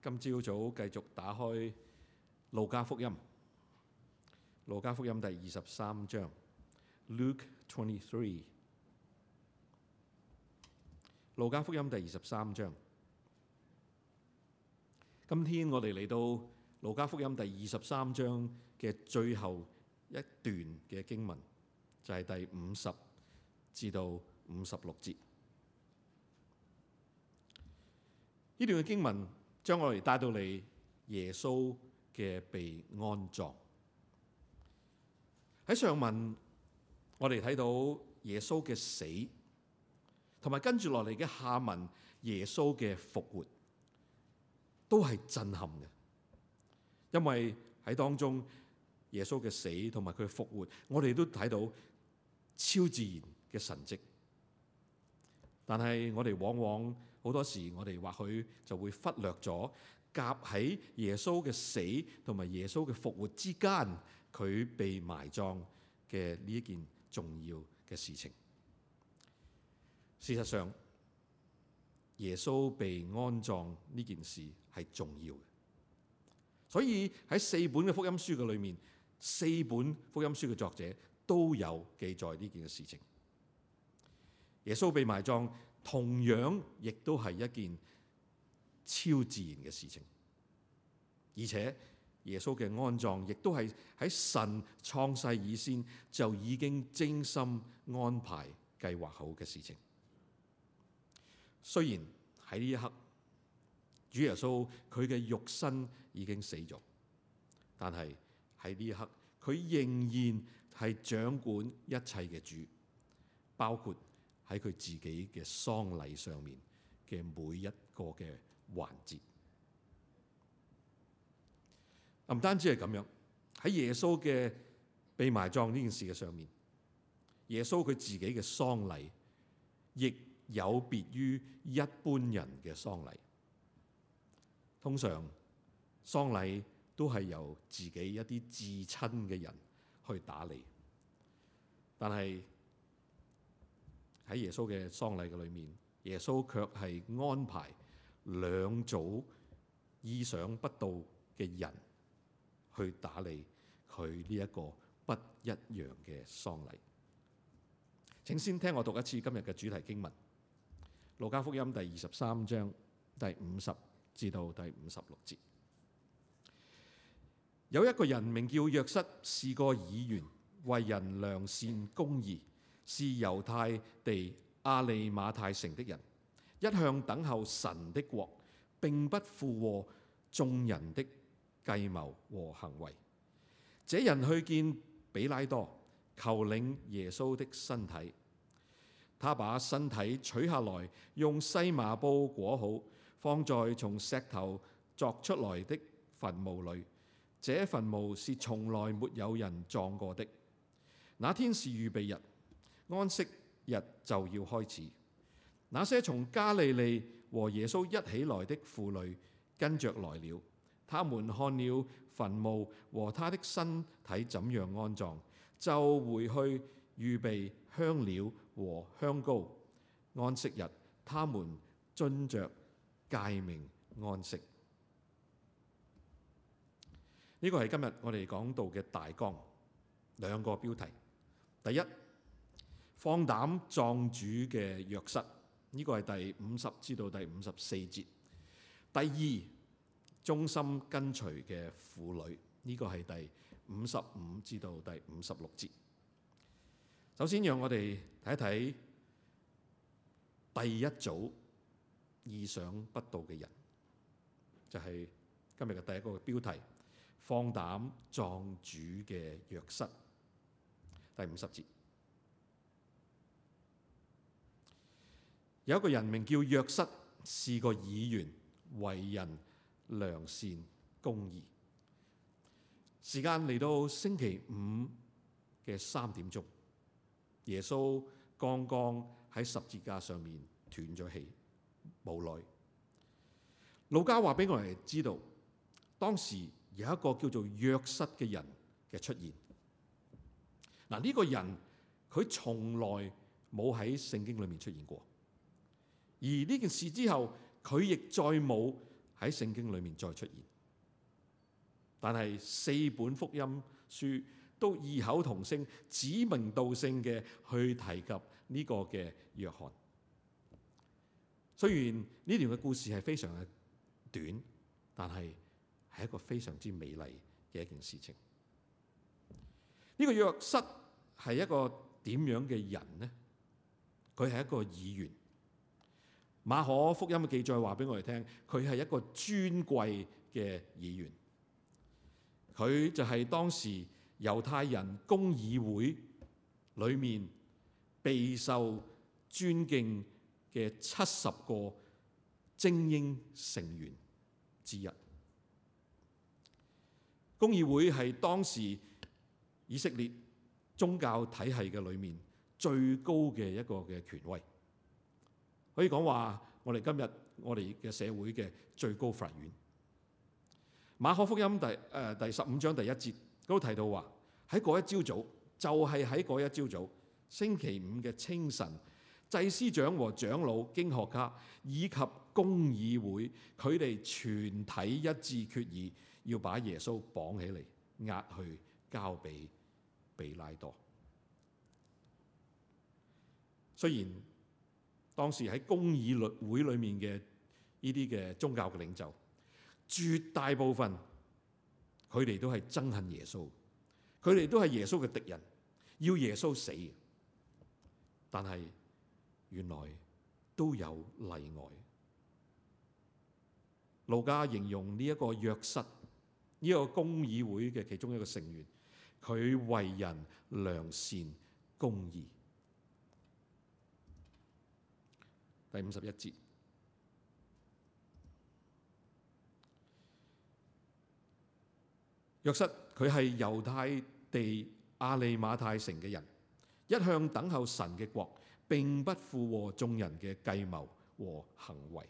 今朝早繼續打開路加福音，路加福音第二十三章，Luke twenty three，路加福音第二十三章。今天我哋嚟到路加福音第二十三章嘅最後一段嘅經文，就係第五十至到五十六節呢段嘅經文。將我哋帶到嚟耶穌嘅被安葬。喺上文，我哋睇到耶穌嘅死，同埋跟住落嚟嘅下文，耶穌嘅復活都係震撼嘅。因為喺當中，耶穌嘅死同埋佢復活，我哋都睇到超自然嘅神蹟，但係我哋往往。好多時我哋或許就會忽略咗夾喺耶穌嘅死同埋耶穌嘅復活之間，佢被埋葬嘅呢一件重要嘅事情。事實上，耶穌被安葬呢件事係重要嘅，所以喺四本嘅福音書嘅裏面，四本福音書嘅作者都有記載呢件事情。耶穌被埋葬。同樣亦都係一件超自然嘅事情，而且耶穌嘅安葬亦都係喺神創世以先，就已經精心安排計劃好嘅事情。雖然喺呢一刻，主耶穌佢嘅肉身已經死咗，但係喺呢一刻，佢仍然係掌管一切嘅主，包括喺佢自己嘅喪禮上面嘅每一個嘅環節，唔單止係咁樣，喺耶穌嘅被埋葬呢件事嘅上面，耶穌佢自己嘅喪禮亦有別於一般人嘅喪禮。通常喪禮都係由自己一啲至親嘅人去打理，但係，喺耶穌嘅喪禮嘅裏面，耶穌卻係安排兩組意想不到嘅人去打理佢呢一個不一樣嘅喪禮。請先聽我讀一次今日嘅主題經文《路加福音》第二十三章第五十至到第五十六節。有一個人名叫約瑟，是個議員，為人良善公義，是猶太地阿利馬太城的人，一向等候神的國，並不附和眾人的計謀和行為。這人去見彼拉多，求領耶穌的身體。他把身體取下來，用細麻布裹好，放在從石頭鑿出來的墳墓裡。這墳墓是從來沒有人葬過的。那天是預備日。安息日就要開始。那些從加利利和耶穌一起來的婦女，跟着來了。他們看了墳墓和他的身體怎樣安葬，就回去預備香料和香膏。安息日，他們遵着誡命安息。呢、這個係今日我哋講到嘅大綱，兩個標題，第一。放膽葬主嘅約瑟，呢個係第五十至到第五十四節。第二，忠心跟隨嘅婦女，呢個係第五十五至到第五十六節。首先，讓我哋睇一睇第一組意想不到嘅人，就係、是、今日嘅第一個標題：「放膽葬主嘅約瑟」。第五十節。有一個人名叫約瑟，是個議員，為人良善公義。時間嚟到星期五嘅三點鐘，耶穌剛剛喺十字架上面斷咗氣，無奈路加話俾我哋知道，當時有一個叫做約瑟嘅人嘅出現。嗱、這、呢個人佢從來冇喺聖經裏面出現過。而呢件事之後，佢亦再冇喺聖經裏面再出現。但係四本福音書都異口同聲指名道姓嘅去提及呢個嘅約翰。雖然呢段嘅故事係非常嘅短，但係係一個非常之美麗嘅一件事情。呢、這個約瑟係一個點樣嘅人呢？佢係一個議員。馬可福音嘅記載話俾我哋聽，佢係一個尊貴嘅議員，佢就係當時猶太人公議會裏面備受尊敬嘅七十個精英成員之一。公議會係當時以色列宗教體系嘅裏面最高嘅一個嘅權威。可以講話，我哋今日我哋嘅社會嘅最高法院。馬可福音第誒、呃、第十五章第一節，都提到話，喺嗰一朝早，早，就係喺嗰一朝早，早星期五嘅清晨，祭司長和長老、經學家以及公議會，佢哋全體一致決議，要把耶穌綁起嚟，押去交俾彼拉多。雖然當時喺公議律會裏面嘅呢啲嘅宗教嘅領袖，絕大部分佢哋都係憎恨耶穌，佢哋都係耶穌嘅敵人，要耶穌死嘅。但係原來都有例外。路加形容呢一個約瑟，呢個公議會嘅其中一個成員，佢為人良善、公義。第五十一節，約瑟佢係猶太地亞利馬太城嘅人，一向等候神嘅國，並不附和眾人嘅計謀和行為。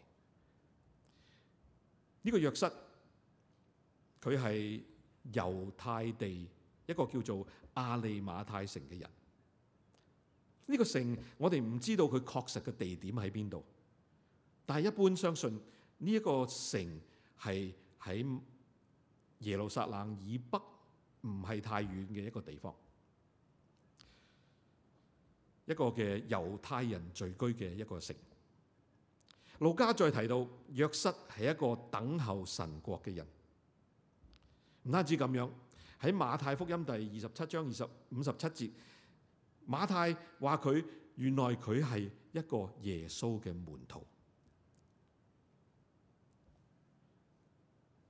呢、這個約瑟佢係猶太地一個叫做亞利馬太城嘅人。呢個城我哋唔知道佢確實嘅地點喺邊度，但係一般相信呢一個城係喺耶路撒冷以北，唔係太遠嘅一個地方，一個嘅猶太人聚居嘅一個城。路加再提到約瑟係一個等候神國嘅人，唔單止咁樣，喺馬太福音第二十七章二十五十七節。馬太話佢原來佢係一個耶穌嘅門徒。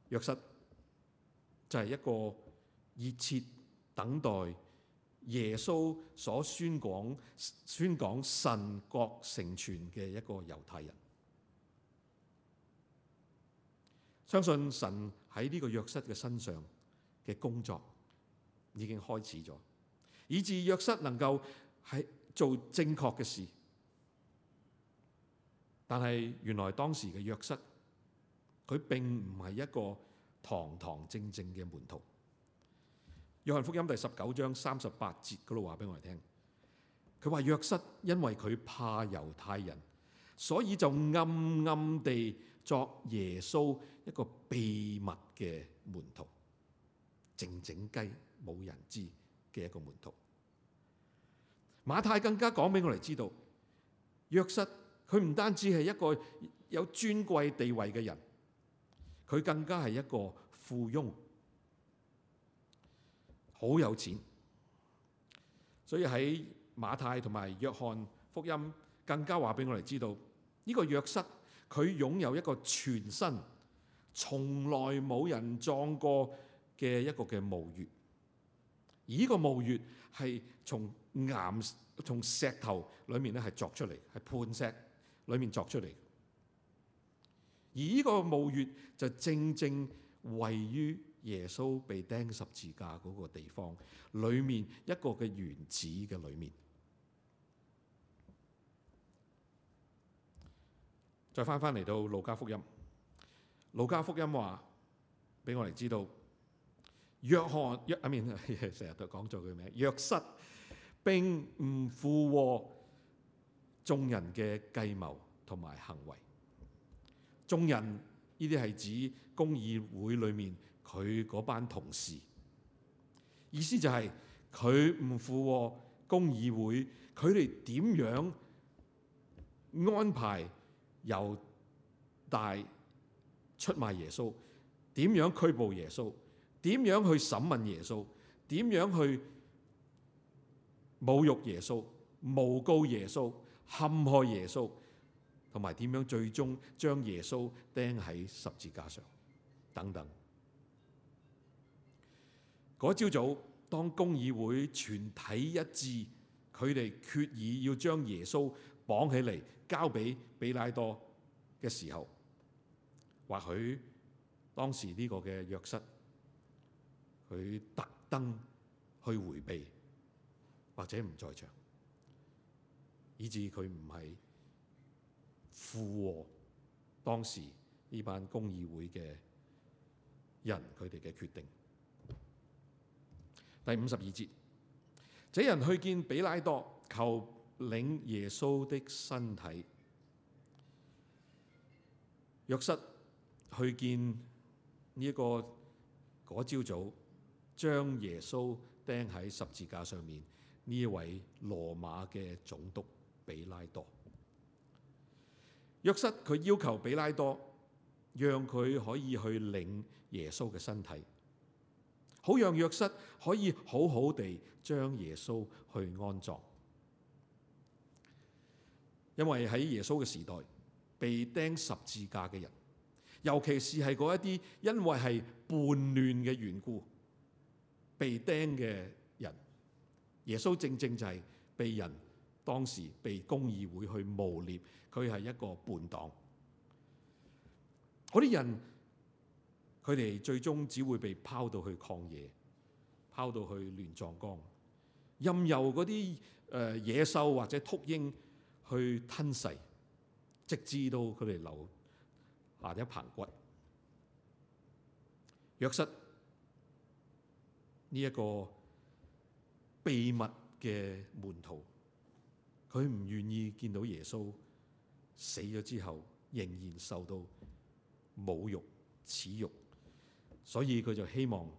約瑟就係、是、一個熱切等待耶穌所宣講宣講神國成全嘅一個猶太人。相信神喺呢個約瑟嘅身上嘅工作已經開始咗。以致約瑟能夠係做正確嘅事，但係原來當時嘅約瑟，佢並唔係一個堂堂正正嘅門徒。約翰福音第十九章三十八節嗰度話俾我哋聽，佢話約瑟因為佢怕猶太人，所以就暗暗地作耶穌一個秘密嘅門徒，靜靜雞，冇人知。嘅一個門徒，馬太更加講俾我哋知道，約瑟佢唔單止係一個有尊貴地位嘅人，佢更加係一個富翁，好有錢。所以喺馬太同埋約翰福音更加話俾我哋知道，呢、這個約瑟佢擁有一個全新從來冇人葬過嘅一個嘅墓穴。依個墓穴係從岩、從石頭裏面咧係鑿出嚟，係磐石裏面鑿出嚟。而依個墓穴就正正位於耶穌被釘十字架嗰個地方裏面一個嘅園子嘅裏面。再返返嚟到路加福音，路加福音話俾我哋知道。約翰約啊，面成日講咗佢名約瑟並唔附和眾人嘅計謀同埋行為。眾人呢啲係指公議會裏面佢嗰班同事，意思就係佢唔附和公議會。佢哋點樣安排猶大出賣耶穌？點樣拘捕耶穌？點樣去審問耶穌？點樣去侮辱耶穌、誣告耶穌、陷害耶穌，同埋點樣最終將耶穌釘喺十字架上？等等。嗰朝早，當公議會全體一致，佢哋決意要將耶穌綁起嚟交俾比拉多嘅時候，或許當時呢個嘅約室。佢特登去回避，或者唔在場，以致佢唔係附和當時呢班公議會嘅人佢哋嘅決定。第五十二節，這人去見比拉多，求領耶穌的身體。約瑟去見呢、這個嗰朝早。將耶穌釘喺十字架上面呢位羅馬嘅總督彼拉多，約瑟佢要求彼拉多讓佢可以去領耶穌嘅身體，好讓約瑟可以好好地將耶穌去安葬，因為喺耶穌嘅時代，被釘十字架嘅人，尤其是係嗰一啲因為係叛亂嘅緣故，被釘嘅人，耶穌正正就係被人當時被公議會去污蔑，佢係一個叛黨。嗰啲人，佢哋最終只會被拋到去曠野，拋到去亂葬崗，任由嗰啲誒野獸或者禿鷹去吞噬，直至到佢哋留下一棚骨。約瑟。呢一個秘密嘅門徒，佢唔願意見到耶穌死咗之後仍然受到侮辱恥辱，所以佢就希望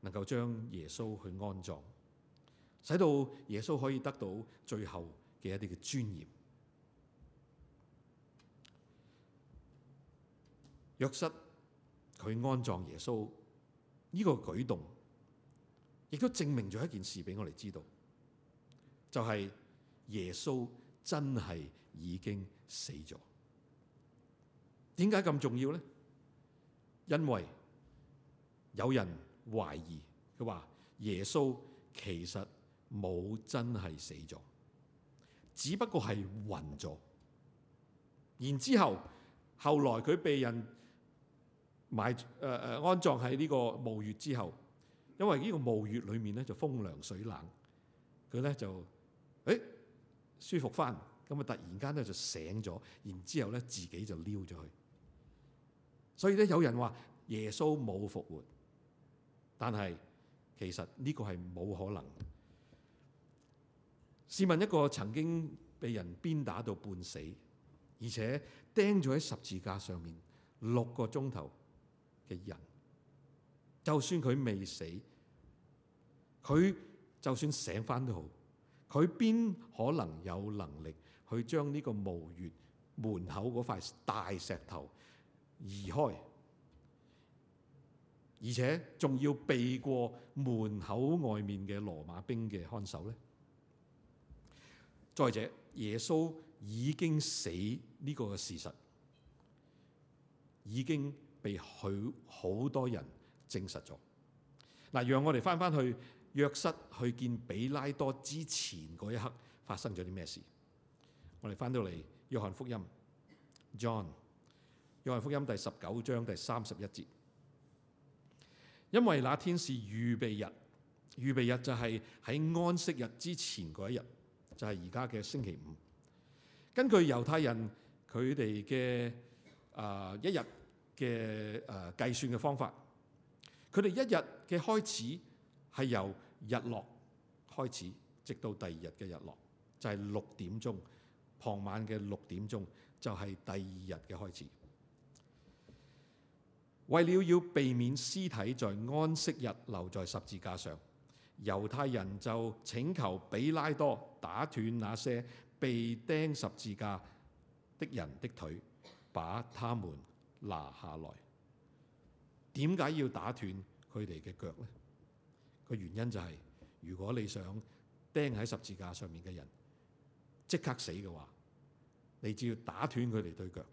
能夠將耶穌去安葬，使到耶穌可以得到最後嘅一啲嘅尊嚴。約瑟，佢安葬耶穌呢個舉動。亦都證明咗一件事俾我哋知道，就係耶穌真係已經死咗。點解咁重要咧？因為有人懷疑佢話耶穌其實冇真係死咗，只不過係暈咗。然之後，後來佢被人埋誒、誒安葬喺呢個墓穴之後。因為呢個墓穴裏面咧，就風涼水冷，佢咧就誒、哎、舒服翻，咁啊突然間咧就醒咗，然之後咧自己就撩咗去。所以咧有人話耶穌冇復活，但係其實呢個係冇可能。試問一個曾經被人鞭打到半死，而且釘咗喺十字架上面六個鐘頭嘅人，就算佢未死。佢就算醒返都好，佢邊可能有能力去將呢個墓穴門口嗰塊大石頭移開，而且仲要避過門口外面嘅羅馬兵嘅看守呢？再者，耶穌已經死呢個事實已經被許好多人證實咗。嗱，讓我哋返返去。約瑟去見彼拉多之前嗰一刻發生咗啲咩事？我哋翻到嚟《約翰福音》，John，《約翰福音》第十九章第三十一節。因為那天是預備日，預備日就係喺安息日之前嗰一日，就係而家嘅星期五。根據猶太人佢哋嘅呃一日嘅呃計算嘅方法，佢哋一日嘅開始。係由日落開始，直到第二日嘅日落，就係、是、六點鐘。傍晚嘅六點鐘就係第二日嘅開始。為了要避免屍體在安息日留在十字架上，猶太人就請求彼拉多打斷那些被釘十字架的人的腿，把他們拿下來。點解要打斷佢哋嘅腳呢？嘅原因就係，如果你想釘喺十字架上面嘅人即刻死嘅話，你只要打斷佢哋對腳，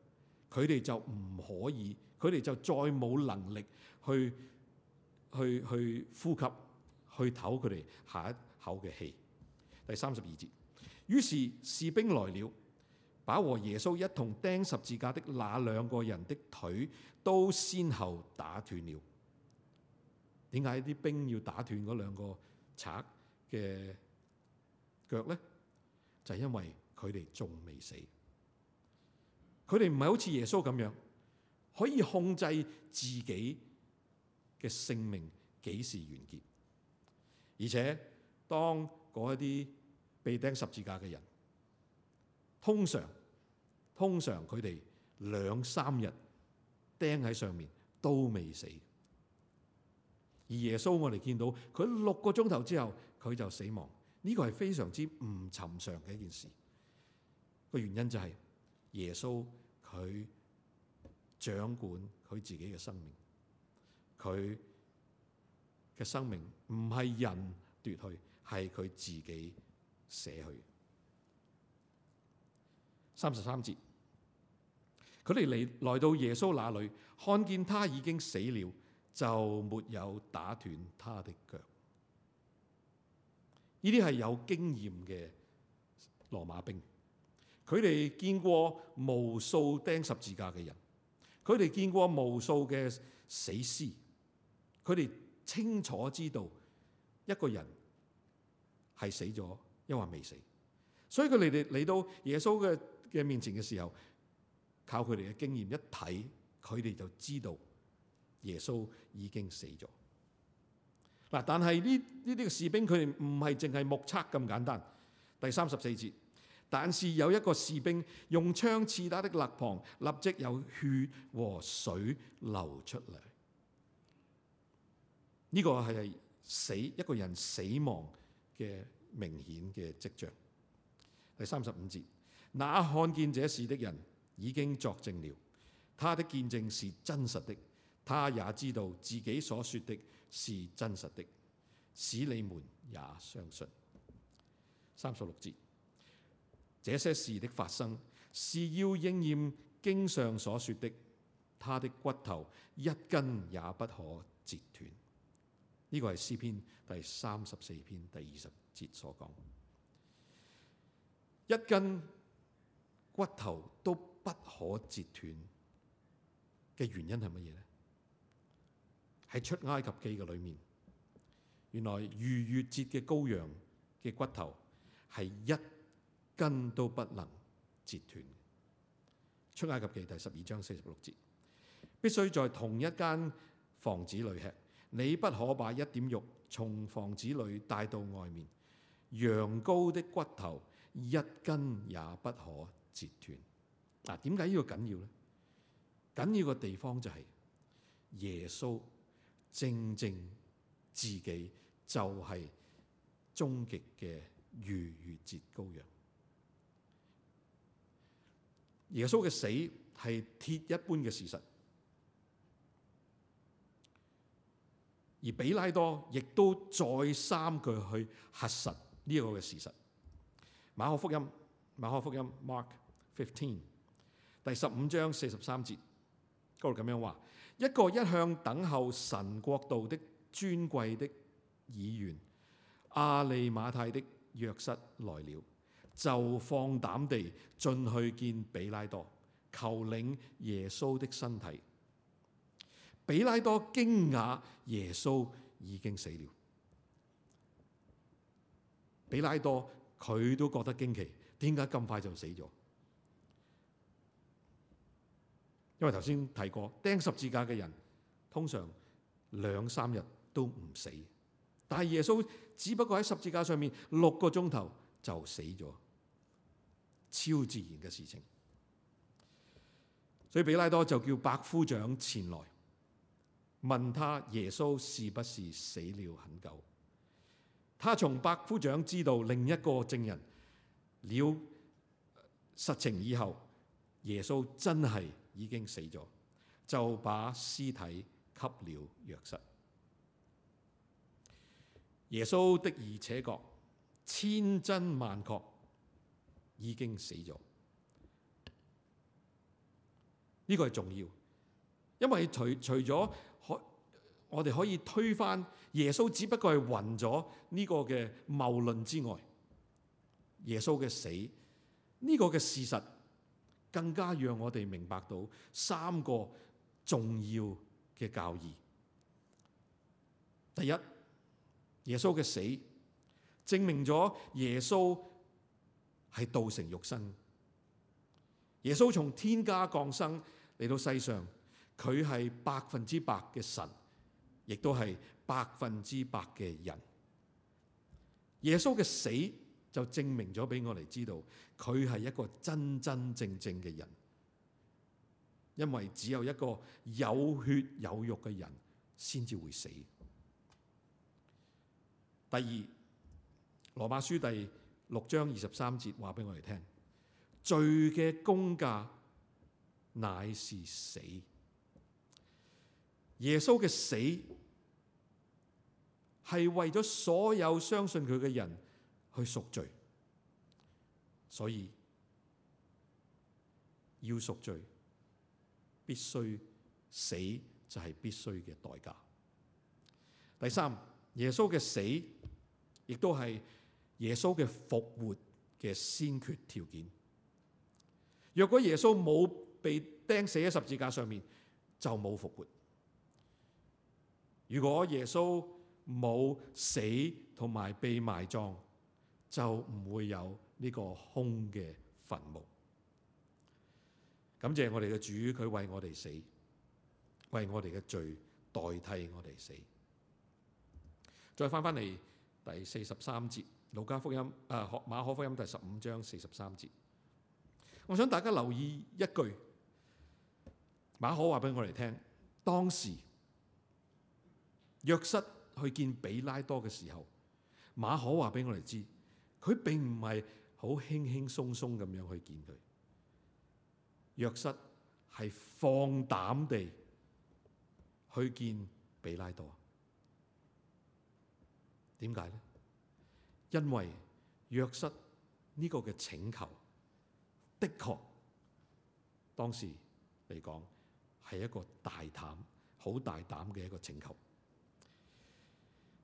佢哋就唔可以，佢哋就再冇能力去去去呼吸，去唞佢哋下一口嘅氣。第三十二節，於是士兵來了，把和耶穌一同釘十字架的那兩個人的腿都先後打斷了。點解啲兵要打斷嗰兩個賊嘅腳咧？就係因為佢哋仲未死。佢哋唔係好似耶穌咁樣，可以控制自己嘅性命幾時完結。而且當嗰一啲被釘十字架嘅人，通常通常佢哋兩三日釘喺上面都未死。而耶穌，我哋見到佢六個鐘頭之後，佢就死亡。呢個係非常之唔尋常嘅一件事。個原因就係耶穌佢掌管佢自己嘅生命，佢嘅生命唔係人奪去，係佢自己捨去。三十三節，佢哋嚟來到耶穌那裏，看見他已經死了。就沒有打斷他的腳。呢啲係有經驗嘅羅馬兵，佢哋見過無數釘十字架嘅人，佢哋見過無數嘅死屍，佢哋清楚知道一個人係死咗，定係未死。所以佢哋哋嚟到耶穌嘅嘅面前嘅時候，靠佢哋嘅經驗一睇，佢哋就知道。耶穌已經死咗嗱，但係呢呢啲嘅士兵佢哋唔係淨係目測咁簡單。第三十四節，但是有一個士兵用槍刺他的肋旁，立即有血和水流出嚟。呢、這個係死一個人死亡嘅明顯嘅跡象。第三十五節，那看見這事的人已經作證了，他的見證是真實的。他也知道自己所說的是真實的，使你們也相信。三十六節，這些事的發生是要應驗經上所說的：他的骨頭一根也不可折斷。呢個係詩篇第三十四篇第二十節所講，一根骨頭都不可折斷嘅原因係乜嘢呢？喺出埃及記嘅裏面，原來逾越節嘅羔羊嘅骨頭係一根都不能截斷。出埃及記第十二章四十六節，必須在同一間房子裏吃，你不可把一點肉從房子裏帶到外面。羊羔的骨頭一根也不可截斷。嗱，點解呢個緊要呢？緊要嘅地方就係耶穌。正正自己就係終極嘅逾越節羔羊，耶穌嘅死係鐵一般嘅事實，而比拉多亦都再三句去核實呢個嘅事實。馬可福音，馬可福音 Mark Fifteen，第十五章四十三節，嗰度咁樣話。一個一向等候神國度的尊貴的議員，亞利馬太的約瑟來了，就放膽地進去見彼拉多，求領耶穌的身體。彼拉多驚訝耶穌已經死了，彼拉多佢都覺得驚奇，點解咁快就死咗？因為頭先提過釘十字架嘅人通常兩三日都唔死，但係耶穌只不過喺十字架上面六個鐘頭就死咗，超自然嘅事情。所以比拉多就叫百夫長前來問他耶穌是不是死了很久。他從百夫長知道另一個證人了實情以後，耶穌真係。已經死咗，就把屍體給了約瑟。耶穌的而且確千真萬確已經死咗。呢、這個係重要，因為除除咗可我哋可以推翻耶穌只不過係暈咗呢個嘅謬論之外，耶穌嘅死呢、這個嘅事實。更加讓我哋明白到三個重要嘅教義。第一，耶穌嘅死證明咗耶穌係道成肉身。耶穌從天家降生嚟到世上，佢係百分之百嘅神，亦都係百分之百嘅人。耶穌嘅死。就證明咗俾我哋知道，佢係一個真真正正嘅人，因為只有一個有血有肉嘅人先至會死。第二，《羅馬書》第六章二十三節話俾我哋聽：「罪嘅工價乃是死。耶穌嘅死係為咗所有相信佢嘅人，去贖罪，所以要贖罪，必須死就係必須嘅代價。第三，耶穌嘅死，亦都係耶穌嘅復活嘅先決條件。若果耶穌冇被釘死喺十字架上面，就冇復活。如果耶穌冇死同埋被埋葬，就唔會有呢個空嘅墳墓。感謝我哋嘅主，佢為我哋死，為我哋嘅罪代替我哋死。再翻翻嚟第四十三節《路加福音》啊，《馬可福音》第十五章四十三節。我想大家留意一句，馬可話俾我哋聽：當時約瑟去見比拉多嘅時候，馬可話俾我哋知。佢並唔係好輕輕鬆鬆咁樣去見佢，約瑟係放膽地去見比拉多。點解呢？因為約瑟呢個嘅請求，的確當時嚟講係一個大膽、好大膽嘅一個請求。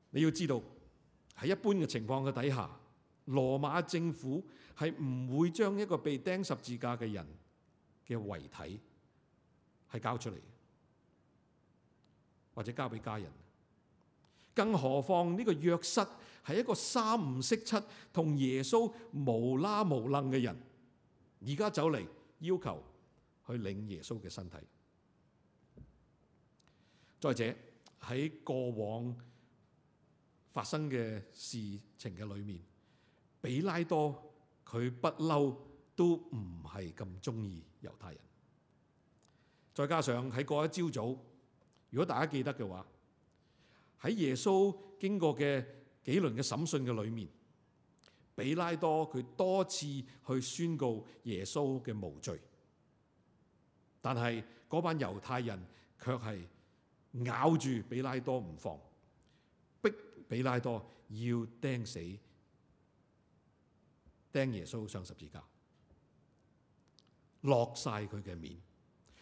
你要知道，喺一般嘅情況嘅底下。羅馬政府係唔會將一個被釘十字架嘅人嘅遺體係交出嚟，或者交俾家人。更何況呢個約瑟係一個三唔識七同耶穌無啦無楞嘅人，而家走嚟要求去領耶穌嘅身體。再者喺過往發生嘅事情嘅裏面。比拉多佢不嬲都唔係咁鍾意猶太人，再加上喺嗰一朝早，如果大家記得嘅話，喺耶穌經過嘅幾輪嘅審訊嘅裏面，比拉多佢多次去宣告耶穌嘅無罪，但係嗰班猶太人卻係咬住比拉多唔放，逼比拉多要釘死。釘耶穌上十字架，落晒佢嘅面，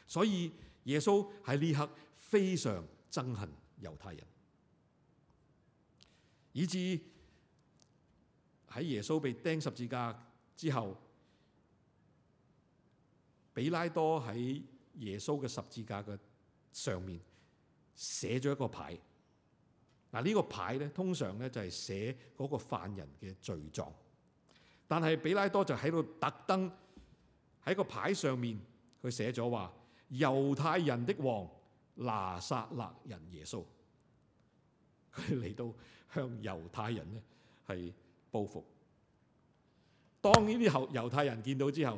所以耶穌喺呢刻非常憎恨猶太人，以至喺耶穌被釘十字架之後，比拉多喺耶穌嘅十字架嘅上面寫咗一個牌。嗱、這、呢個牌咧，通常咧就係寫嗰個犯人嘅罪狀。但係比拉多就喺度特登喺個牌上面，佢寫咗話：猶太人的王拿撒勒人耶穌，佢嚟到向猶太人咧係報復。當呢啲後猶太人見到之後，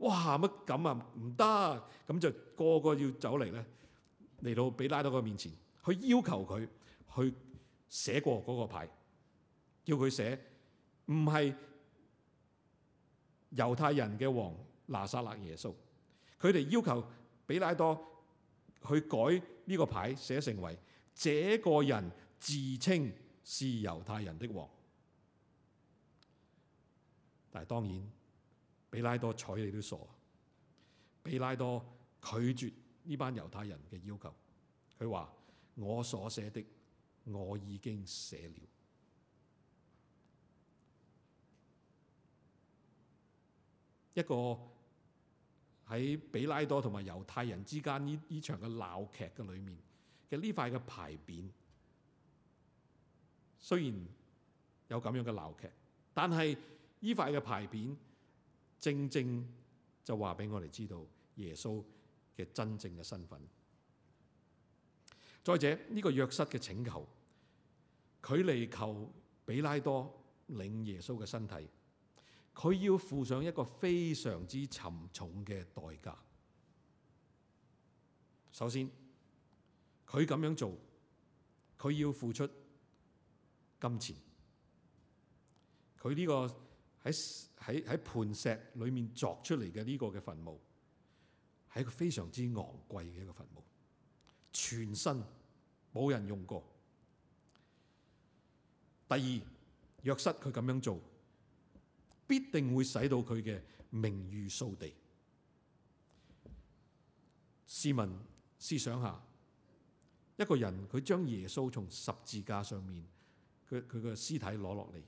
哇，乜咁啊，唔得！咁、啊、就個個要走嚟咧嚟到比拉多個面前，去要求佢去寫過嗰個牌，叫佢寫唔係。猶太人嘅王拿撒勒耶穌，佢哋要求彼拉多去改呢個牌，寫成為這個人自稱是猶太人的王。這個、的王但係當然，彼拉多睬你都傻。彼拉多拒絕呢班猶太人嘅要求，佢話：我所寫的，我已經寫了。一個喺比拉多同埋猶太人之間呢，呢場嘅鬧劇嘅裏面嘅呢塊嘅牌匾，雖然有咁樣嘅鬧劇，但係呢塊嘅牌匾正正就話俾我哋知道耶穌嘅真正嘅身份。再者呢、呢個約瑟嘅請求，佢嚟求比拉多領耶穌嘅身體。佢要付上一個非常之沉重嘅代價。首先，佢咁樣做，佢要付出金錢這在。佢呢個喺喺喺磐石裏面鑿出嚟嘅呢個嘅墳墓，係一個非常之昂貴嘅一個墳墓，全身冇人用過。第二，若室佢咁樣做。必定會使到佢嘅名譽掃地。試問試想下，一個人佢將耶穌從十字架上面佢佢個屍體攞落嚟，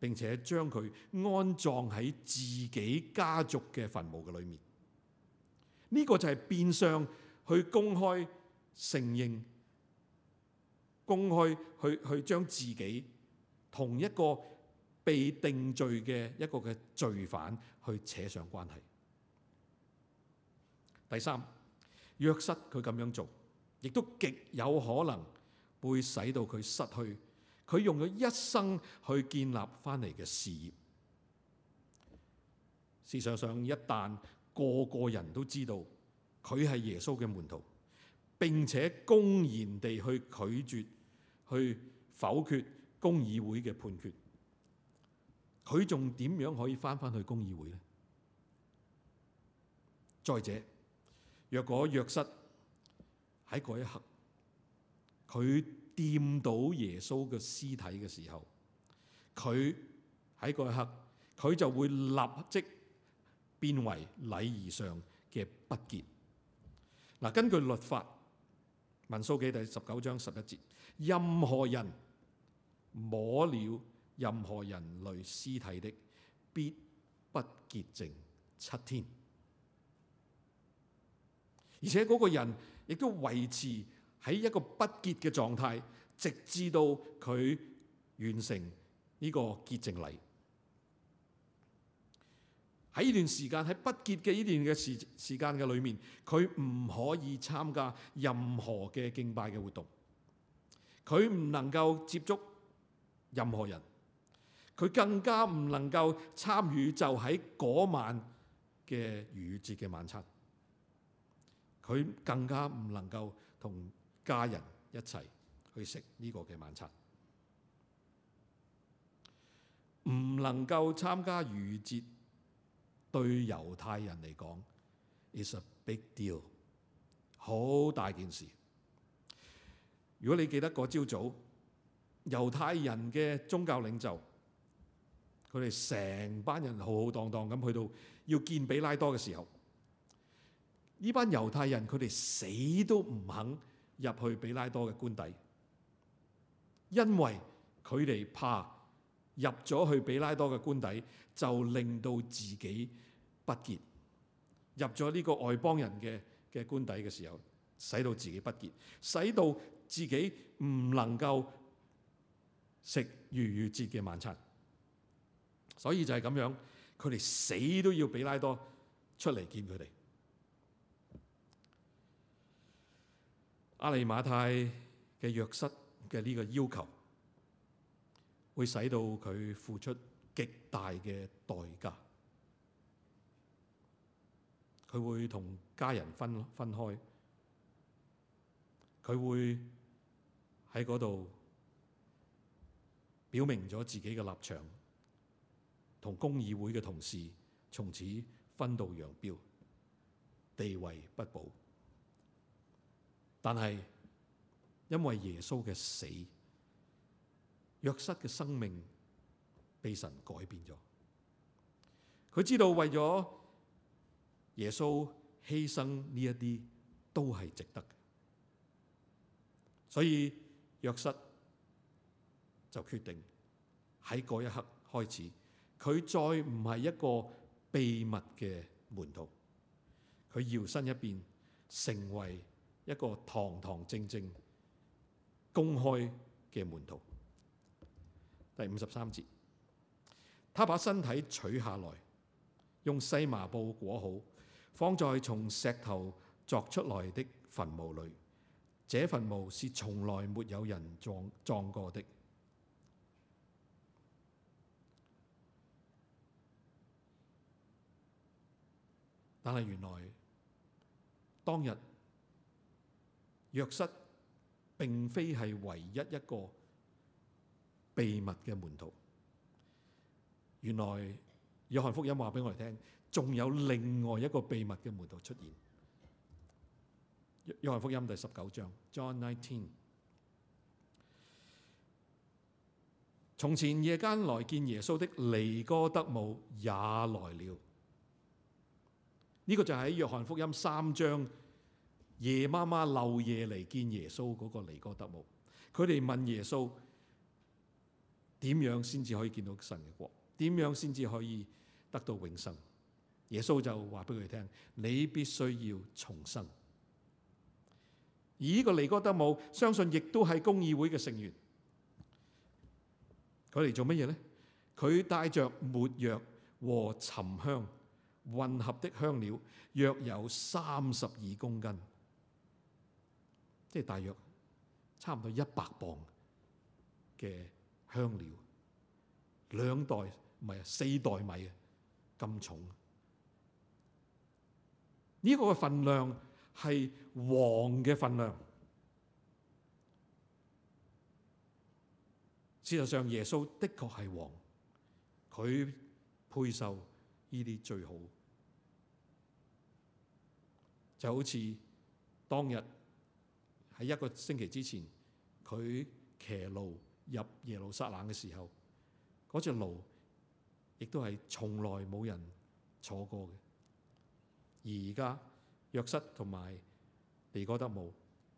並且將佢安葬喺自己家族嘅墳墓嘅裏面。呢個就係變相去公開承認、公開去去將自己同一個。被定罪嘅一個嘅罪犯去扯上關係。第三，若失佢咁樣做，亦都極有可能會使到佢失去佢用佢一生去建立返嚟嘅事業。事實上，一旦個個人都知道佢係耶穌嘅門徒，並且公然地去拒絕、去否決公議會嘅判決。佢仲點樣可以翻翻去公議會咧？再者，若果約瑟喺嗰一刻，佢掂到耶穌嘅屍體嘅時候，佢喺嗰一刻，佢就會立即變為禮儀上嘅不潔。嗱，根據律法，民數記第十九章十一節，任何人摸了。任何人類屍體的，必不潔淨七天。而且嗰個人亦都維持喺一個不潔嘅狀態，直至到佢完成呢個潔淨禮。喺呢段時間，喺不潔嘅呢段嘅時時間嘅裏面，佢唔可以參加任何嘅敬拜嘅活動，佢唔能夠接觸任何人。佢更加唔能夠參與就喺嗰晚嘅逾節嘅晚餐，佢更加唔能夠同家人一齊去食呢個嘅晚餐，唔能夠參加逾節，對猶太人嚟講，It's a big deal，好大件事。如果你記得嗰朝早，猶太人嘅宗教領袖。佢哋成班人浩浩蕩蕩咁去到要見比拉多嘅時候，呢班猶太人佢哋死都唔肯入去比拉多嘅官邸，因為佢哋怕入咗去比拉多嘅官邸就令到自己不潔，入咗呢個外邦人嘅嘅官邸嘅時候，使到自己不潔，使到自己唔能夠食逾越節嘅晚餐。所以就係咁樣，佢哋死都要彼拉多出嚟見佢哋。亞利馬太嘅約瑟嘅呢個要求，會使到佢付出極大嘅代價。佢會同家人分分開，佢會喺嗰度表明咗自己嘅立場。同公議會嘅同事從此分道揚鑣，地位不保。但係因為耶穌嘅死，約瑟嘅生命被神改變咗。佢知道為咗耶穌犧牲呢一啲都係值得嘅。所以約瑟就決定喺嗰一刻開始。佢再唔係一個秘密嘅門徒，佢搖身一變成為一個堂堂正正公開嘅門徒。第五十三節，他把身體取下來，用細麻布裹好，放在從石頭鑿出來的墳墓裡。這墳墓是從來沒有人葬葬過的。但係原來當日約瑟並非係唯一一個秘密嘅門徒。原來約翰福音話俾我哋聽，仲有另外一個秘密嘅門徒出現。約翰福音第十九章，John 19。從前夜間來見耶穌的尼哥德姆也來了。呢個就喺約翰福音三章，夜媽媽漏夜嚟見耶穌嗰個尼哥德慕，佢哋問耶穌點樣先至可以見到神嘅國，點樣先至可以得到永生？耶穌就話俾佢聽：你必須要重生。而呢個尼哥德慕相信亦都係公議會嘅成員，佢嚟做乜嘢咧？佢帶着沒藥和沉香。混合的香料約有三十二公斤，即係大約差唔多一百磅嘅香料，兩袋，唔係啊，四袋米啊咁重。呢個嘅份量係王嘅份量。事實上，耶穌的確係王，佢配受呢啲最好。就好似當日喺一個星期之前，佢騎驢入耶路撒冷嘅時候，嗰隻驢亦都係從來冇人坐過嘅。而而家約瑟同埋尼哥德慕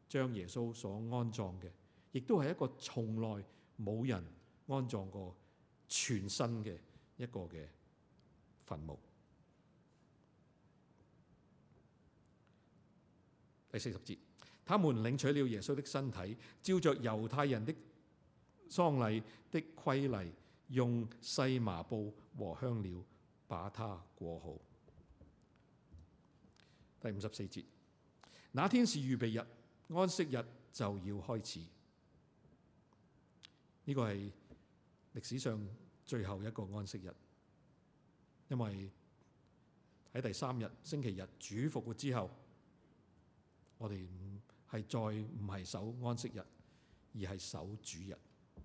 將耶穌所安葬嘅，亦都係一個從來冇人安葬過全新嘅一個嘅墳墓。四十節，他們領取了耶穌的身體，照着猶太人的喪禮的規例，用細麻布和香料把它裹好。第五十四節，那天是預備日，安息日就要開始。呢、這個係歷史上最後一個安息日，因為喺第三日星期日主復活之後。我哋係再唔係守安息日，而係守主日，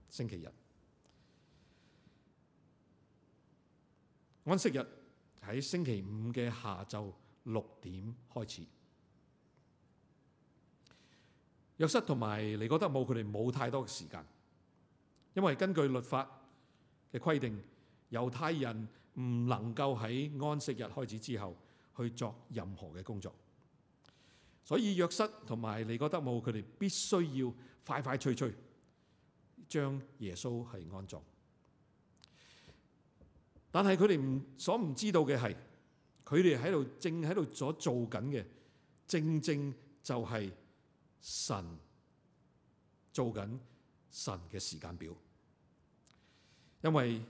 星期日。安息日喺星期五嘅下晝六點開始。約瑟同埋尼哥德慕，佢哋冇太多嘅時間，因為根據律法嘅規定，猶太人唔能夠喺安息日開始之後去作任何嘅工作。所以約瑟同埋尼哥德慕，佢哋必須要快快脆脆將耶穌係安葬。但係佢哋唔所唔知道嘅係，佢哋喺度正喺度所做緊嘅，正正就係神做緊神嘅時間表。因為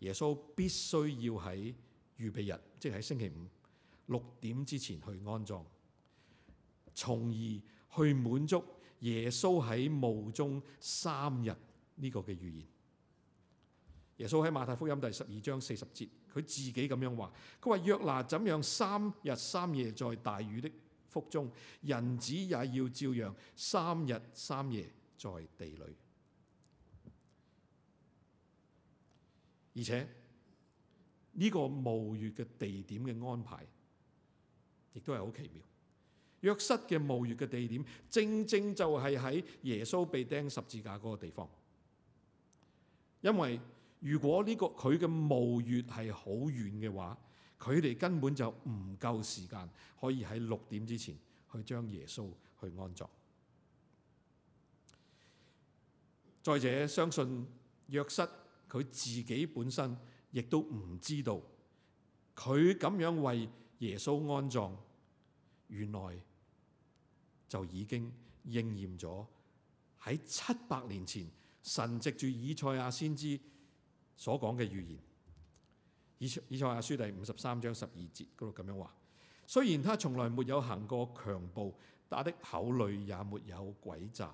耶穌必須要喺預備日，即係喺星期五六點之前去安葬。從而去滿足耶穌喺墓中三日呢個嘅預言。耶穌喺馬太福音第十二章四十節，佢自己咁樣話：佢話約拿怎樣三日三夜在大魚的腹中，人子也要照樣三日三夜在地裏。而且呢、這個墓穴嘅地點嘅安排，亦都係好奇妙。約瑟嘅墓穴嘅地點，正正就係喺耶穌被釘十字架嗰個地方。因為如果呢個佢嘅墓穴係好遠嘅話，佢哋根本就唔夠時間可以喺六點之前去將耶穌去安葬。再者，相信約瑟佢自己本身亦都唔知道，佢咁樣為耶穌安葬，原來。就已經應驗咗喺七百年前神藉住以賽亞先知所講嘅預言。以以賽亞書第五十三章十二節嗰度咁樣話：雖然他從來沒有行過強暴，打的口裡也沒有詭詐，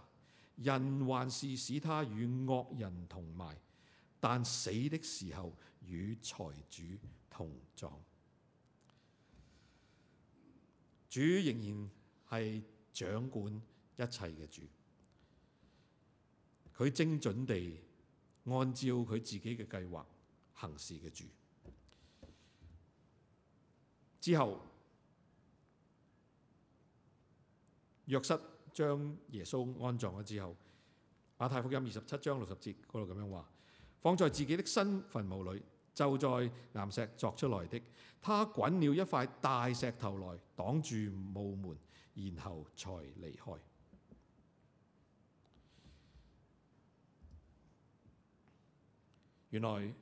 人還是使他與惡人同埋，但死的時候與財主同葬。主仍然係掌管一切嘅主，佢精準地按照佢自己嘅計劃行事嘅主。之後，約瑟將耶穌安葬咗之後，《馬太福音》二十七章六十節嗰度咁樣話：「放在自己的新墳墓裏，就在岩石作出來的。他滾了一塊大石頭來，擋住墓門。然後才離開。原來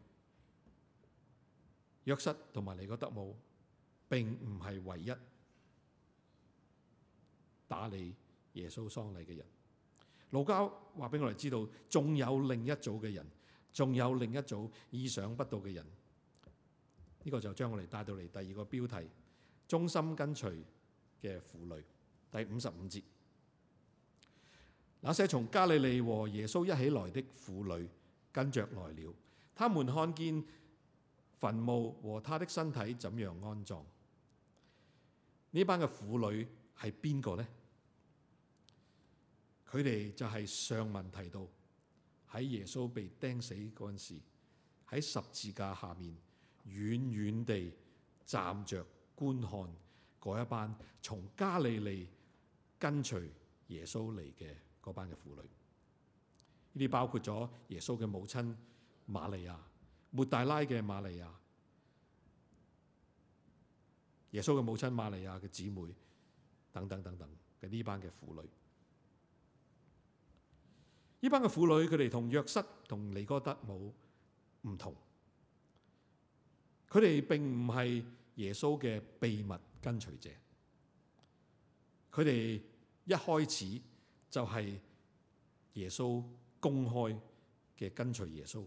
約瑟同埋尼哥底母並唔係唯一打理耶穌喪禮嘅人。路加話俾我哋知道，仲有另一組嘅人，仲有另一組意想不到嘅人。呢、這個就將我哋帶到嚟第二個標題：忠心跟隨嘅婦女。第五十五節，那些從加利利和耶穌一起來的婦女，跟着來了。他們看見墳墓和他的身體怎樣安葬。呢班嘅婦女係邊個呢？佢哋就係上文提到喺耶穌被釘死嗰陣時，喺十字架下面遠遠地站着觀看嗰一班從加利利跟隨耶穌嚟嘅嗰班嘅婦女，呢啲包括咗耶穌嘅母親瑪利亞、抹大拉嘅瑪利亞、耶穌嘅母親瑪利亞嘅姊妹等等等等嘅呢班嘅婦女。呢班嘅婦女佢哋同約瑟同尼哥德姆唔同，佢哋並唔係耶穌嘅秘密跟隨者，佢哋。一開始就係耶穌公開嘅跟隨耶穌，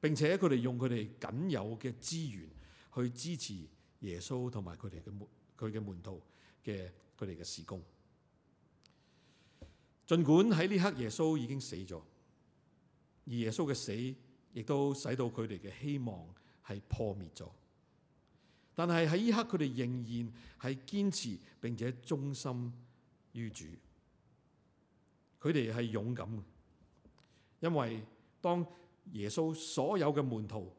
並且佢哋用佢哋僅有嘅資源去支持耶穌同埋佢哋嘅門佢嘅門徒嘅佢哋嘅事工。儘管喺呢刻耶穌已經死咗，而耶穌嘅死亦都使到佢哋嘅希望係破滅咗。但係喺呢刻佢哋仍然係堅持並且忠心於主，佢哋係勇敢，因為當耶穌所有嘅門徒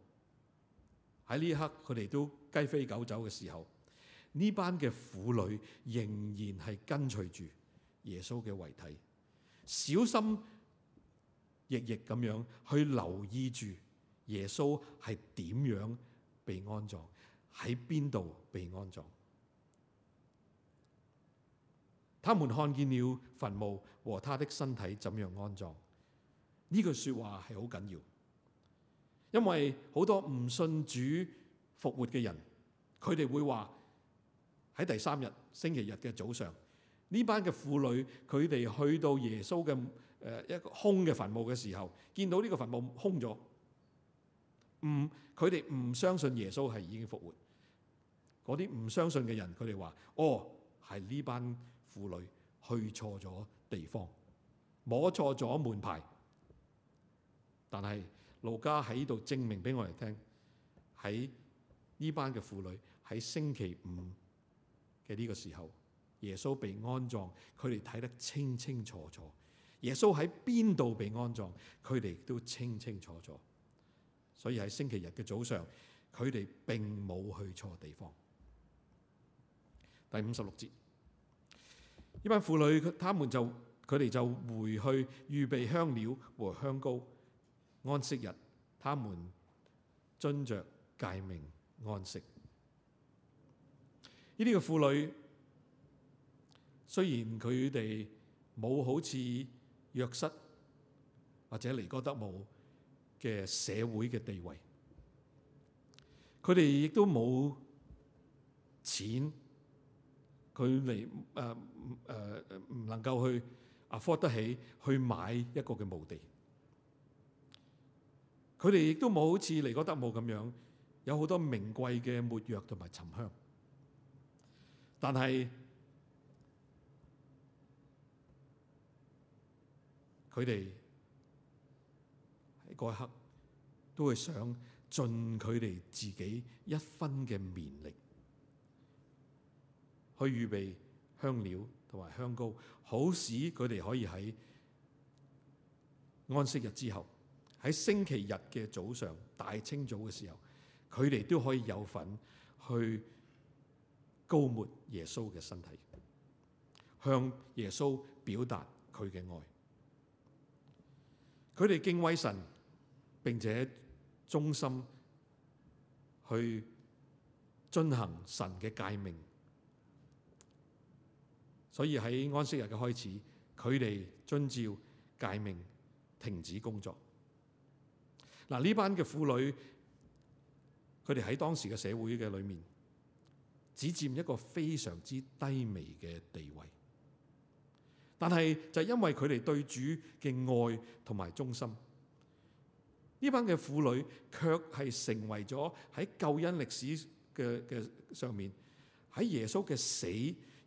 喺呢一刻，佢哋都雞飛狗走嘅時候，呢班嘅婦女仍然係跟隨住耶穌嘅遺體，小心翼翼咁樣去留意住耶穌係點樣被安葬，喺邊度被安葬。他們看見了墳墓和他的身體怎樣安葬，呢句說話係好緊要，因為好多唔信主復活嘅人，佢哋會話喺第三日星期日嘅早上，呢班嘅婦女佢哋去到耶穌嘅誒、呃、一個空嘅墳墓嘅時候，見到呢個墳墓空咗，唔佢哋唔相信耶穌係已經復活，嗰啲唔相信嘅人佢哋話：哦，係呢班。婦女去錯咗地方，摸錯咗門牌，但係路加喺度證明俾我哋聽，喺呢班嘅婦女喺星期五嘅呢個時候，耶穌被安葬，佢哋睇得清清楚楚，耶穌喺邊度被安葬，佢哋都清清楚楚，所以喺星期日嘅早上，佢哋並冇去錯地方。第五十六節。呢班婦女，佢他們就佢哋就回去預備香料和香膏，安息日，他們遵着誡命安息。呢啲嘅婦女雖然佢哋冇好似約瑟或者尼哥德姆嘅社會嘅地位，佢哋亦都冇錢。佢嚟誒誒唔能夠去 afford 得起去買一個嘅墓地，佢哋亦都冇好似尼哥底母咁樣有好多名貴嘅沒藥同埋沉香，但係佢哋喺嗰一刻都係想盡佢哋自己一分嘅綿力。去預備香料同埋香膏，好使佢哋可以喺安息日之後喺星期日嘅早上大清早嘅時候，佢哋都可以有份去膏抹耶穌嘅身體，向耶穌表達佢嘅愛。佢哋敬畏神，並且忠心去進行神嘅誡命。所以喺安息日嘅開始，佢哋遵照誡命停止工作。嗱呢班嘅婦女，佢哋喺當時嘅社會嘅裏面，只佔一個非常之低微嘅地位。但係就因為佢哋對主嘅愛同埋忠心，呢班嘅婦女卻係成為咗喺救恩歷史嘅嘅上面，喺耶穌嘅死。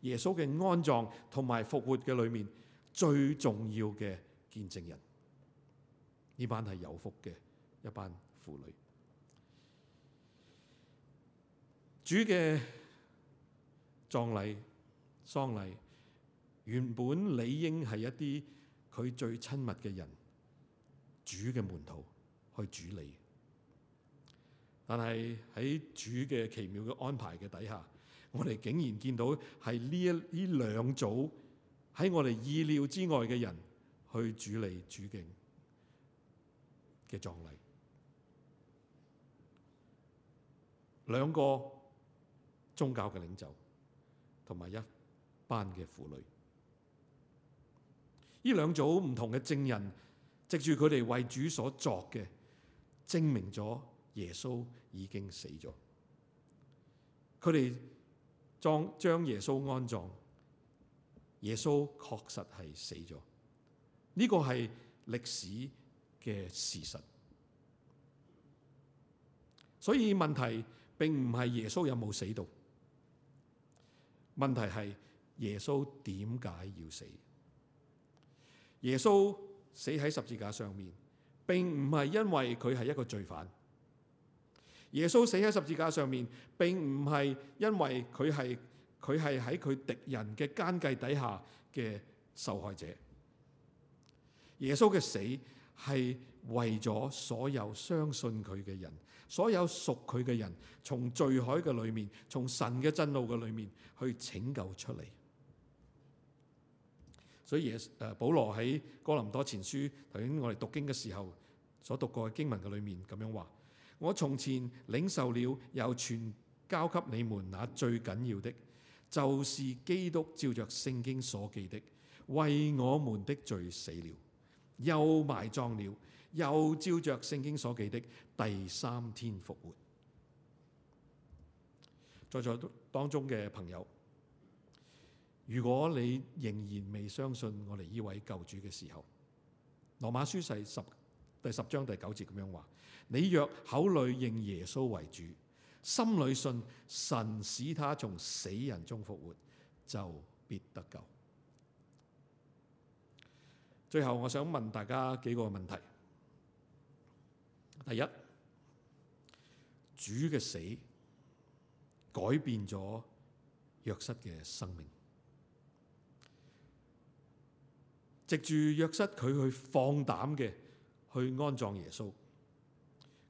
耶穌嘅安葬同埋復活嘅裏面最重要嘅見證人，呢班係有福嘅一班婦女。主嘅葬禮、喪禮原本理應係一啲佢最親密嘅人，主嘅門徒去主理，但係喺主嘅奇妙嘅安排嘅底下。我哋竟然見到係呢一呢兩組喺我哋意料之外嘅人去主理主境嘅葬禮，兩個宗教嘅領袖同埋一班嘅婦女，呢兩組唔同嘅證人，藉住佢哋為主所作嘅，證明咗耶穌已經死咗。佢哋。裝將耶穌安葬，耶穌確實係死咗，呢、呢個係歷史嘅事實。所以問題並唔係耶穌有冇死到，問題係耶穌點解要死？耶穌死喺十字架上面，並唔係因為佢係一個罪犯。耶穌死喺十字架上面，並唔係因為佢係佢係喺佢敵人嘅奸計底下嘅受害者。耶穌嘅死係為咗所有相信佢嘅人，所有屬佢嘅人，從罪海嘅裏面，從神嘅震怒嘅裏面，去拯救出嚟。所以耶誒，保羅喺哥林多前書頭先我哋讀經嘅時候所讀過嘅經文嘅裏面咁樣話。我從前領受了，又傳交給你們那最緊要的，就是基督照着聖經所記的，為我們的罪死了，又埋葬了，又照着聖經所記的第三天復活。在座當中嘅朋友，如果你仍然未相信我哋依位救主嘅時候，《羅馬書》世十。第十章第九節咁樣話：你若口裡認耶穌為主，心裡信神使他從死人中復活，就必得救。最後，我想問大家幾個問題。第一，主嘅死改變咗約瑟嘅生命，藉住約瑟佢去放膽嘅。去安葬耶穌，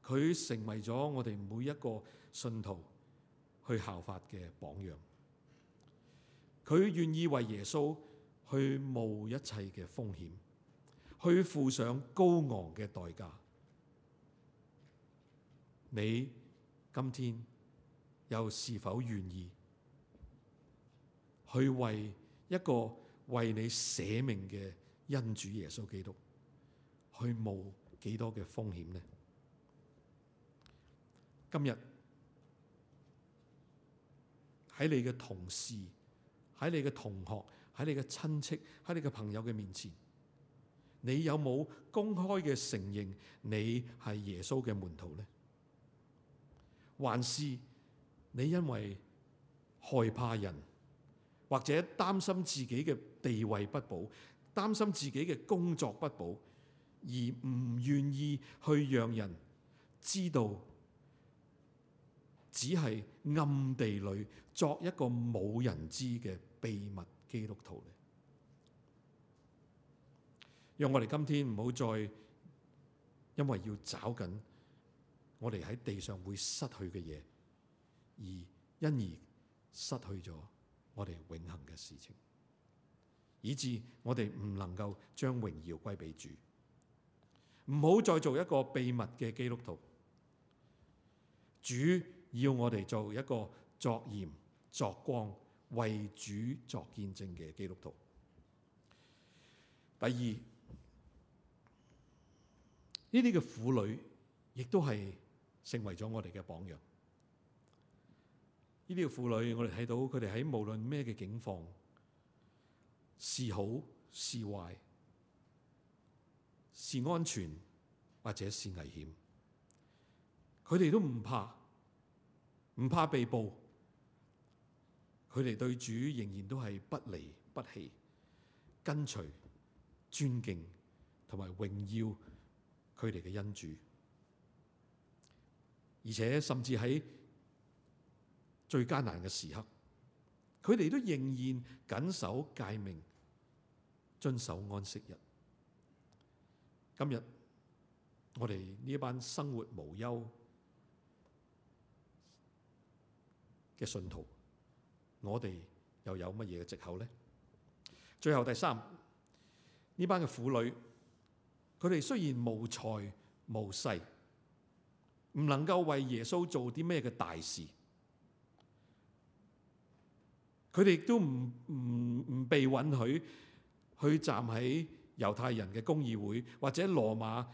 佢成為咗我哋每一個信徒去效法嘅榜樣。佢願意為耶穌去冒一切嘅風險，去付上高昂嘅代價。你今天又是否願意去為一個為你捨命嘅恩主耶穌基督？去冒幾多嘅風險呢？今日喺你嘅同事、喺你嘅同學、喺你嘅親戚、喺你嘅朋友嘅面前，你有冇公開嘅承認你係耶穌嘅門徒呢？還是你因為害怕人，或者擔心自己嘅地位不保，擔心自己嘅工作不保？而唔願意去讓人知道，只係暗地裏作一個冇人知嘅秘密基督徒咧。讓我哋今天唔好再因為要找緊我哋喺地上會失去嘅嘢，而因而失去咗我哋永恆嘅事情，以致我哋唔能夠將榮耀歸畀主。唔好再做一個秘密嘅基督徒，主要我哋做一個作鹽作光為主作見證嘅基督徒。第二，呢啲嘅婦女亦都係成為咗我哋嘅榜樣。呢啲嘅婦女，我哋睇到佢哋喺無論咩嘅境況，是好是壞，是安全，或者是危險，佢哋都唔怕，唔怕被捕，佢哋對主仍然都係不離不棄，跟隨、尊敬同埋榮耀佢哋嘅恩主，而且甚至喺最艱難嘅時刻，佢哋都仍然謹守誡命，遵守安息日。今日我哋呢一班生活無憂嘅信徒，我哋又有乜嘢嘅藉口呢？最後第三，呢班嘅婦女，佢哋雖然無財無勢，唔能夠為耶穌做啲咩嘅大事，佢哋亦都唔唔唔被允許去站喺猶太人嘅公議會或者羅馬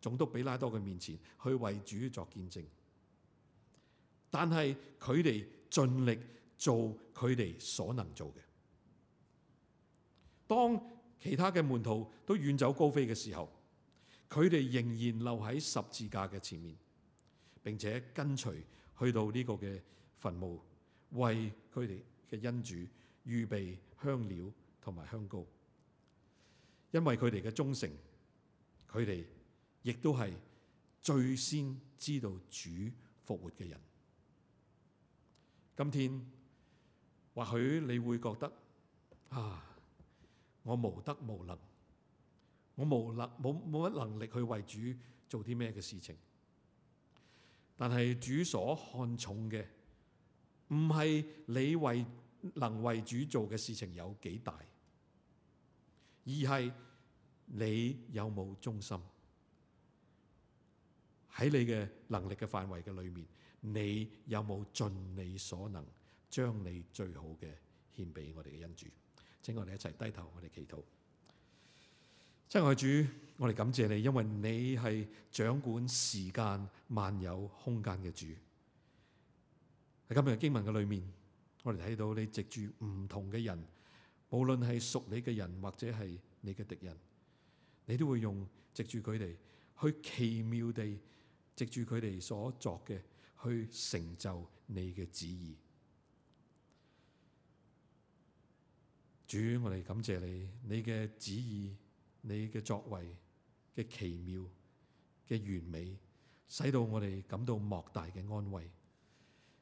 總督彼拉多嘅面前，去為主作見證。但係佢哋盡力做佢哋所能做嘅。當其他嘅門徒都遠走高飛嘅時候，佢哋仍然留喺十字架嘅前面，並且跟隨去到呢個嘅墳墓，為佢哋嘅恩主預備香料同埋香膏。因為佢哋嘅忠誠，佢哋亦都係最先知道主復活嘅人。今天或許你會覺得啊，我無德無能，我無能，冇冇乜能力去為主做啲咩嘅事情。但係主所看重嘅，唔係你為，能為主做嘅事情有幾大。而係你有冇忠心？喺你嘅能力嘅範圍嘅裏面，你有冇盡你所能，將你最好嘅獻俾我哋嘅恩主？請我哋一齊低頭，我哋祈禱。親愛的主，我哋感謝你，因為你係掌管時間、萬有、空間嘅主。喺今日經文嘅裏面，我哋睇到你藉住唔同嘅人。無論係屬你嘅人或者係你嘅敵人，你都會用藉住佢哋，去奇妙地藉住佢哋所作嘅，去成就你嘅旨意。主，我哋感謝你，你嘅旨意，你嘅作為嘅奇妙嘅完美，使到我哋感到莫大嘅安慰。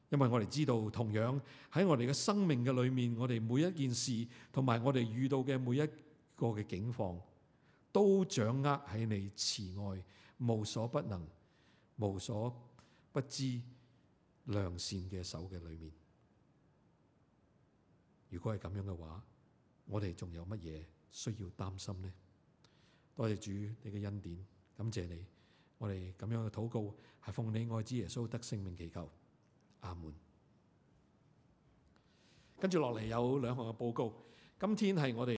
因為我哋知道，同樣喺我哋嘅生命嘅裏面，我哋每一件事，同埋我哋遇到嘅每一個嘅境況，都掌握喺你慈愛、無所不能、無所不知、良善嘅手嘅裏面。如果係咁樣嘅話，我哋仲有乜嘢需要擔心呢？多謝主你嘅恩典，感謝你，我哋咁樣嘅禱告係奉你愛子耶穌得勝命祈求。阿門。跟住落嚟有兩項嘅報告，今天係我哋。